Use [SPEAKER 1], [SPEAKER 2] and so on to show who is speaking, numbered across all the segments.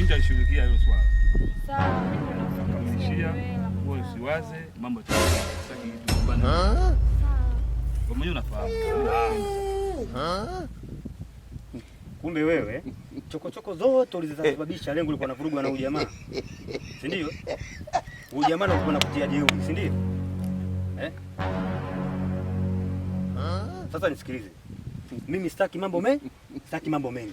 [SPEAKER 1] Nitalishughulikia hilo swala. Sawa, wewe usiwaze mambo ya mwenyewe, unafahamu. Kumbe wewe chokochoko zote ulizisababisha, lengo lilikuwa na vuruga na ujamaa, si ndio? Ujamaa ulikuwa nakutia jeuri, si ndio? Eh? Sasa nisikilize mimi, sitaki mambo mengi, sitaki mambo mengi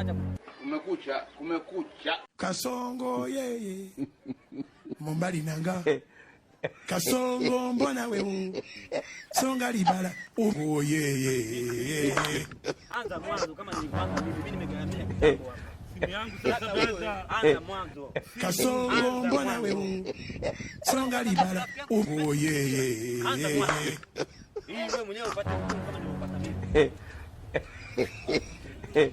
[SPEAKER 2] Kumekucha, kumekucha.
[SPEAKER 3] Kasongo yeye mumbali nanga Kasongo mbona u songa libala oh yeye
[SPEAKER 1] anza mwanzo kama nilipanga mimi mimi nimegamia eh. eh. eh.
[SPEAKER 3] Kasongo mbona wewe songa libala oh yeye
[SPEAKER 1] wewe mwenyewe upate kama nilipata mimi